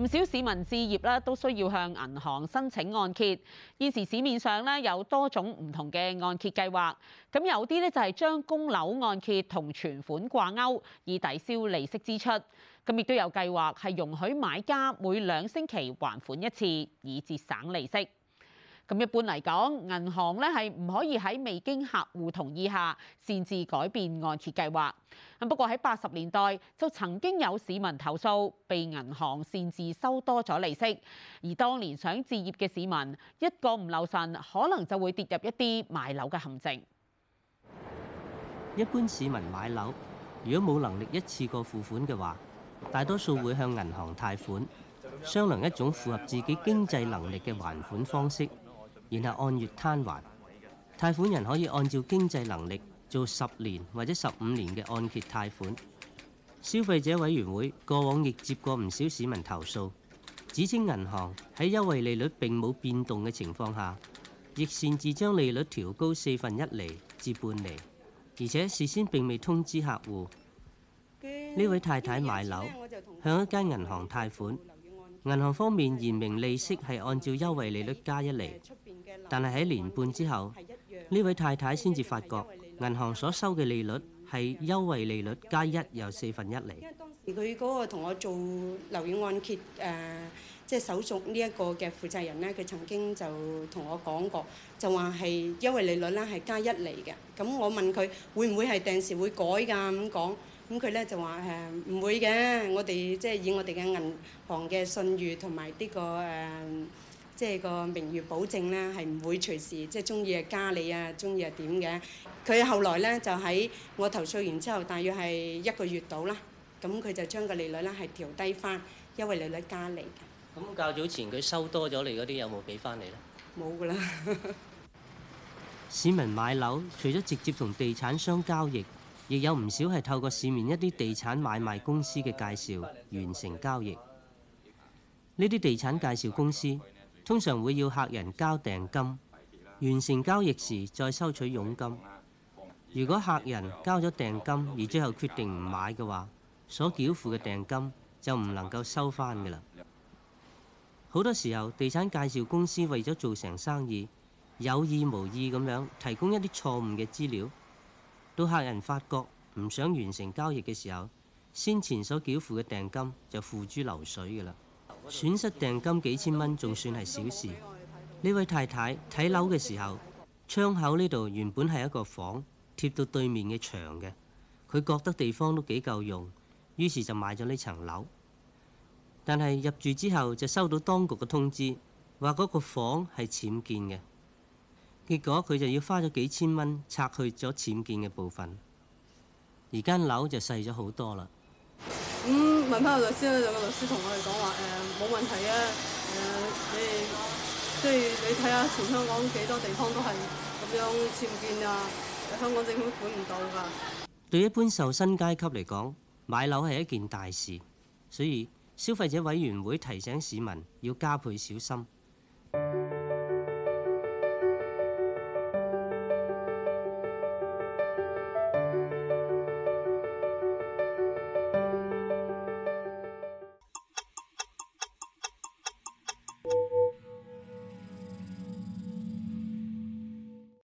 唔少市民置業咧，都需要向銀行申請按揭。現時市面上咧有多種唔同嘅按揭計劃，咁有啲咧就係將供樓按揭同存款掛鈎，以抵消利息支出。咁亦都有計劃係容許買家每兩星期還款一次，以節省利息。咁一般嚟講，銀行咧係唔可以喺未經客戶同意下擅自改變按揭計劃。咁不過喺八十年代就曾經有市民投訴，被銀行擅自收多咗利息。而當年想置業嘅市民一個唔留神，可能就會跌入一啲買樓嘅陷阱。一般市民買樓，如果冇能力一次過付款嘅話，大多數會向銀行貸款，商量一種符合自己經濟能力嘅還款方式。然後按月攤還，貸款人可以按照經濟能力做十年或者十五年嘅按揭貸款。消費者委員會過往亦接過唔少市民投訴，指稱銀行喺優惠利率並冇變動嘅情況下，亦擅自將利率調高四分一厘至半厘。而且事先並未通知客戶。呢跟位太太買樓，向一間銀行貸款。銀行方面言明利息係按照優惠利率加一釐，但係喺年半之後，呢位太太先至發覺銀行所收嘅利率係優惠利率加一又四分一釐。佢嗰個同我做樓宇按揭誒，即、呃、係、就是、手續呢一個嘅負責人呢，佢曾經就同我講過，就話係優惠利率咧係加一釐嘅。咁我問佢會唔會係定時會改㗎？咁講。咁佢咧就話誒唔會嘅，我哋即係以我哋嘅銀行嘅信譽同埋呢個誒，即係個名譽保證咧，係唔會隨時即係中意啊加你啊，中意係點嘅。佢後來咧就喺我投訴完之後，大約係一個月到啦，咁佢就將個利率咧係調低翻，因為利率加你。咁較早前佢收多咗你嗰啲有冇俾翻你咧？冇㗎啦。市民買樓除咗直接同地產商交易。亦有唔少係透過市面一啲地產買賣公司嘅介紹完成交易。呢啲地產介紹公司通常會要客人交訂金，完成交易時再收取佣金。如果客人交咗訂金而最後決定唔買嘅話，所繳付嘅訂金就唔能夠收返嘅啦。好多時候，地產介紹公司為咗做成生意，有意無意咁樣提供一啲錯誤嘅資料。到客人發覺唔想完成交易嘅時候，先前所繳付嘅訂金就付諸流水嘅啦。損失訂金幾千蚊，仲算係小事。呢位太太睇樓嘅時候，窗口呢度原本係一個房貼到對面嘅牆嘅，佢覺得地方都幾夠用，於是就買咗呢層樓。但係入住之後就收到當局嘅通知，話嗰個房係僭建嘅。結果佢就要花咗幾千蚊拆去咗僭建嘅部分，而間樓就細咗好多啦。咁問翻個律師咧，有個律師同我哋講話，誒冇問題啊，誒你即係你睇下全香港幾多地方都係咁樣僭建啊，香港政府管唔到㗎。對一般受薪階級嚟講，買樓係一件大事，所以消費者委員會提醒市民要加倍小心。